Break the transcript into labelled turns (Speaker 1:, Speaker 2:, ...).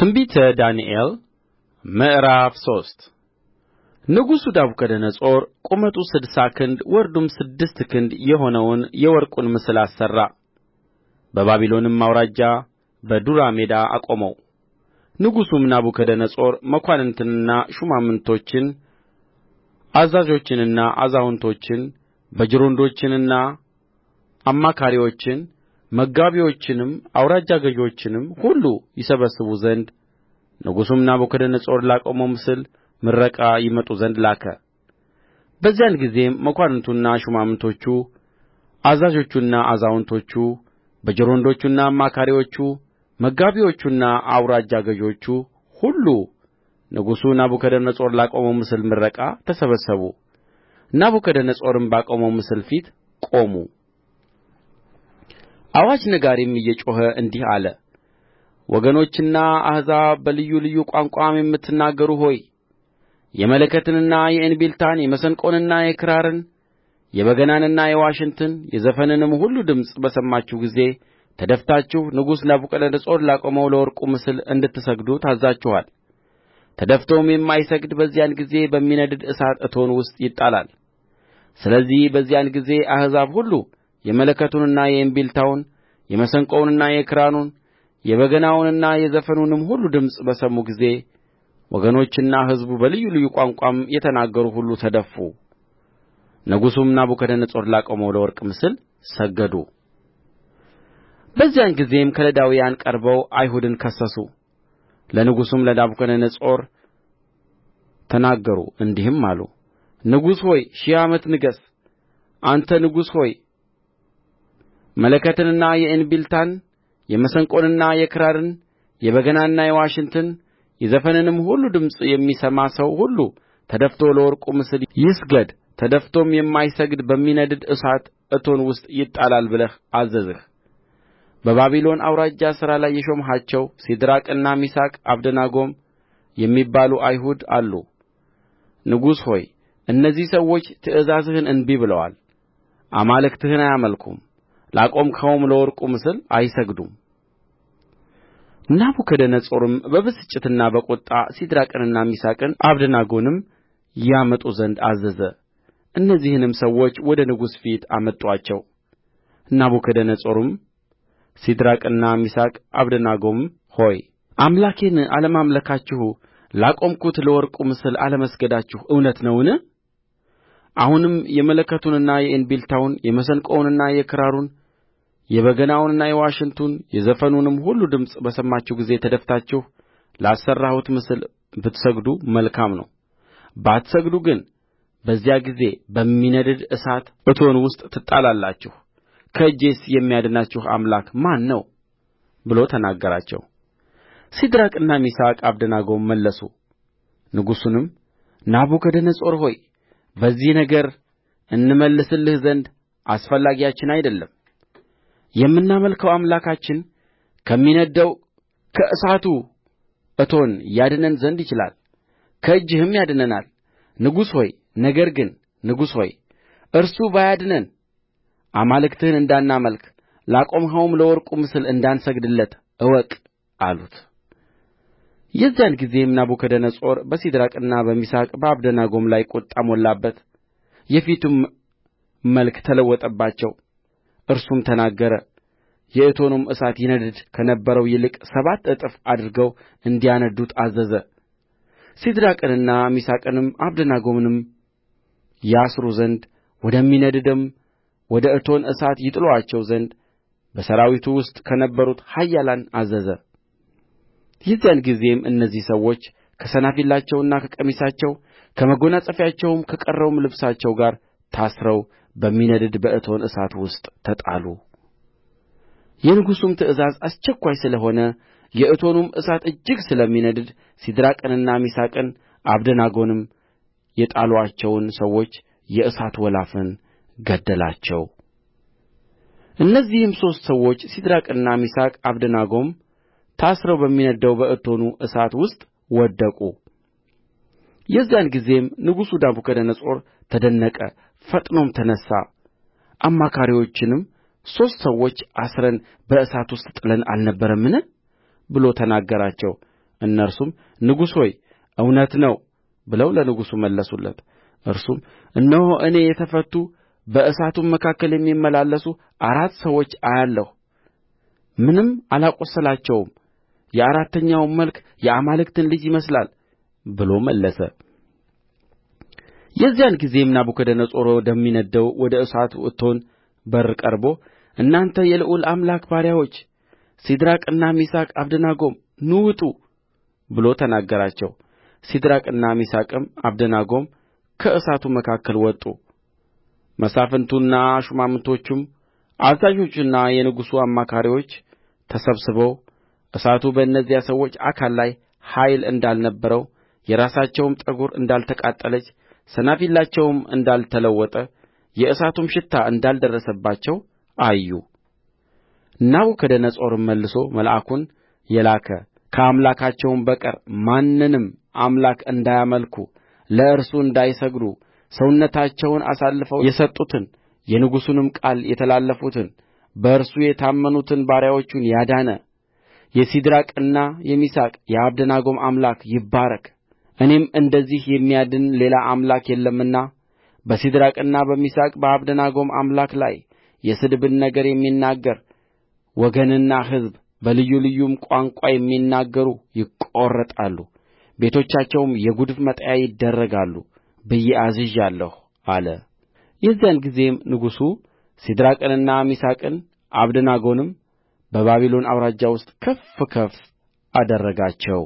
Speaker 1: ትንቢተ ዳንኤል ምዕራፍ ሶስት ንጉሡ ናቡከደነፆር ቁመቱ ስድሳ ክንድ ወርዱም ስድስት ክንድ የሆነውን የወርቁን ምስል አሠራ በባቢሎንም አውራጃ በዱራ ሜዳ አቆመው ንጉሡም ናቡከደነፆር መኳንንትንና ሹማምቶችን አዛዦችንና አዛውንቶችን በጅሮንዶችንና አማካሪዎችን መጋቢዎችንም አውራጃ ገዦችንም ሁሉ ይሰበስቡ ዘንድ ንጉሡም ናቡከደነፆር ላቆመው ምስል ምረቃ ይመጡ ዘንድ ላከ በዚያን ጊዜም መኳንንቱና ሹማምቶቹ አዛዦቹና አዛውንቶቹ በጅሮንዶቹና አማካሪዎቹ መጋቢዎቹና አውራጃ ገዦቹ ሁሉ ንጉሡ ናቡከደነፆር ላቆመው ምስል ምረቃ ተሰበሰቡ ናቡከደነፆርም ባቆመው ምስል ፊት ቆሙ አዋጅ ነጋሪም እየጮኸ እንዲህ አለ ወገኖችና አሕዛብ በልዩ ልዩ ቋንቋም የምትናገሩ ሆይ የመለከትንና የእንቢልታን የመሰንቆንና የክራርን የበገናንና የዋሽንትን የዘፈንንም ሁሉ ድምፅ በሰማችሁ ጊዜ ተደፍታችሁ ንጉሡ ናቡከደነፆር ላቆመው ለወርቁ ምስል እንድትሰግዱ ታዛችኋል። ተደፍቶም የማይሰግድ በዚያን ጊዜ በሚነድድ እሳት እቶን ውስጥ ይጣላል ስለዚህ በዚያን ጊዜ አሕዛብ ሁሉ የመለከቱንና የእምቢልታውን የመሰንቆውንና የክራሩን የበገናውንና የዘፈኑንም ሁሉ ድምፅ በሰሙ ጊዜ ወገኖችና ሕዝቡ በልዩ ልዩ ቋንቋም የተናገሩ ሁሉ ተደፉ ንጉሡም ናቡከደነፆር ላቆመው ለወርቅ ምስል ሰገዱ በዚያን ጊዜም ከለዳውያን ቀርበው አይሁድን ከሰሱ ለንጉሡም ለናቡከደነፆር ተናገሩ እንዲህም አሉ ንጉሥ ሆይ ሺህ ዓመት ንገሥ አንተ ንጉሥ ሆይ መለከትንና የእንቢልታን የመሰንቆንና የክራርን የበገናንና የዋሽንትን የዘፈንንም ሁሉ ድምፅ የሚሰማ ሰው ሁሉ ተደፍቶ ለወርቁ ምስል ይስገድ ተደፍቶም የማይሰግድ በሚነድድ እሳት እቶን ውስጥ ይጣላል ብለህ አዘዝህ በባቢሎን አውራጃ ሥራ ላይ የሾምሃቸው ሲድራቅና ሚሳቅ አብደናጎም የሚባሉ አይሁድ አሉ ንጉሥ ሆይ እነዚህ ሰዎች ትእዛዝህን እንቢ ብለዋል አማልክትህን አያመልኩም ላቆምኸውም ለወርቁ ምስል አይሰግዱም ናቡከደነፆርም በብስጭትና በቍጣ ሲድራቅንና ሚሳቅን አብደናጎንም ያመጡ ዘንድ አዘዘ እነዚህንም ሰዎች ወደ ንጉሡ ፊት አመጡአቸው ናቡከደነፆርም ሲድራቅና ሚሳቅ አብደናጎም ሆይ አምላኬን አለማምለካችሁ ላቆምሁት ለወርቁ ምስል አለመስገዳችሁ እውነት ነውን አሁንም የመለከቱንና የእንቢልታውን የመሰንቆውንና የክራሩን የበገናውንና የዋሽንቱን የዘፈኑንም ሁሉ ድምፅ በሰማችሁ ጊዜ ተደፍታችሁ ላሠራሁት ምስል ብትሰግዱ መልካም ነው። ባትሰግዱ ግን በዚያ ጊዜ በሚነድድ እሳት እቶን ውስጥ ትጣላላችሁ። ከእጄስ የሚያድናችሁ አምላክ ማን ነው ብሎ ተናገራቸው። ሲድራቅና ሚሳቅ አብደናጎም መለሱ። ንጉሡንም ናቡከደነፆር ሆይ በዚህ ነገር እንመልስልህ ዘንድ አስፈላጊያችን አይደለም። የምናመልከው አምላካችን ከሚነድደው ከእሳቱ እቶን ያድነን ዘንድ ይችላል፣ ከእጅህም ያድነናል። ንጉሥ ሆይ ነገር ግን ንጉሥ ሆይ እርሱ ባያድነን አማልክትህን እንዳናመልክ ላቆምኸውም ለወርቁ ምስል እንዳንሰግድለት እወቅ አሉት። የዚያን ጊዜም ናቡከደነፆር በሲድራቅና በሚሳቅ በአብደናጎም ላይ ቍጣ ሞላበት የፊቱም መልክ ተለወጠባቸው እርሱም ተናገረ የእቶኑም እሳት ይነድድ ከነበረው ይልቅ ሰባት እጥፍ አድርገው እንዲያነድዱት አዘዘ ሲድራቅንና ሚሳቅንም አብደናጎንም ያስሩ ዘንድ ወደሚነድድም ወደ እቶን እሳት ይጥሉአቸው ዘንድ በሠራዊቱ ውስጥ ከነበሩት ኃያላን አዘዘ የዚያን ጊዜም እነዚህ ሰዎች ከሰናፊላቸውና ከቀሚሳቸው ከመጐናጸፊያቸውም ከቀረውም ልብሳቸው ጋር ታስረው በሚነድድ በእቶን እሳት ውስጥ ተጣሉ የንጉሡም ትእዛዝ አስቸኳይ ስለ ሆነ የእቶኑም እሳት እጅግ ስለሚነድድ ሲድራቅንና ሚሳቅን አብደናጎንም የጣሉአቸውን ሰዎች የእሳት ወላፈን ገደላቸው እነዚህም ሦስት ሰዎች ሲድራቅና ሚሳቅ አብደናጎም ታስረው በሚነድደው በእቶኑ እሳት ውስጥ ወደቁ የዚያን ጊዜም ንጉሡ ናቡከደነፆር ተደነቀ ፈጥኖም ተነሣ አማካሪዎቹንም ሦስት ሰዎች አስረን በእሳት ውስጥ ጥለን አልነበረምን ብሎ ተናገራቸው እነርሱም ንጉሥ ሆይ እውነት ነው ብለው ለንጉሡ መለሱለት እርሱም እነሆ እኔ የተፈቱ በእሳቱም መካከል የሚመላለሱ አራት ሰዎች አያለሁ ምንም አላቈሰላቸውም የአራተኛውም መልክ የአማልክትን ልጅ ይመስላል ብሎ መለሰ የዚያን ጊዜም ናቡከደነፆር ወደሚነድደው ወደ እሳቱ እቶን በር ቀርቦ እናንተ የልዑል አምላክ ባሪያዎች ሲድራቅና ሚሳቅ አብደናጎም ኑ ውጡ ብሎ ተናገራቸው ሲድራቅና ሚሳቅም አብደናጎም ከእሳቱ መካከል ወጡ መሳፍንቱና ሹማምቶቹም አዛዦቹና የንጉሡ አማካሪዎች ተሰብስበው እሳቱ በእነዚያ ሰዎች አካል ላይ ኃይል እንዳልነበረው የራሳቸውም ጠጕር እንዳልተቃጠለች ሰናፊላቸውም እንዳልተለወጠ የእሳቱም ሽታ እንዳልደረሰባቸው አዩ። ናቡከደነፆርም መልሶ መልአኩን የላከ ከአምላካቸውም በቀር ማንንም አምላክ እንዳያመልኩ ለእርሱ እንዳይሰግዱ ሰውነታቸውን አሳልፈው የሰጡትን የንጉሡንም ቃል የተላለፉትን በእርሱ የታመኑትን ባሪያዎቹን ያዳነ የሲድራቅና የሚሳቅ የአብደናጎም አምላክ ይባረክ እኔም እንደዚህ የሚያድን ሌላ አምላክ የለምና በሲድራቅና በሚሳቅ በአብደናጎም አምላክ ላይ የስድብን ነገር የሚናገር ወገንና ሕዝብ በልዩ ልዩም ቋንቋ የሚናገሩ ይቈረጣሉ፣ ቤቶቻቸውም የጕድፍ መጣያ ይደረጋሉ ብዬ አዝዣለሁ አለ። የዚያን ጊዜም ንጉሡ ሲድራቅንና ሚሳቅን አብደናጎንም በባቢሎን አውራጃ ውስጥ ከፍ ከፍ አደረጋቸው